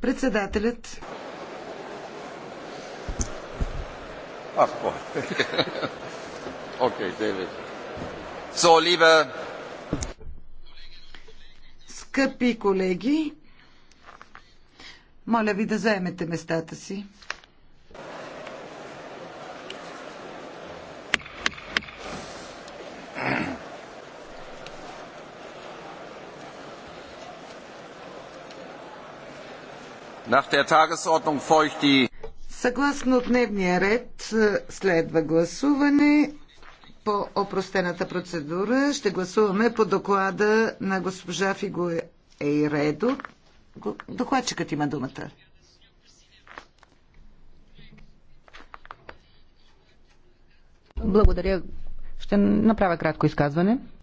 Председателят. Скъпи колеги, моля ви да заемете местата си. Съгласно дневния ред е, следва гласуване по опростената процедура. Ще гласуваме по доклада на госпожа Фиго Ейредо. Докладчикът има думата. Благодаря. Ще направя кратко изказване.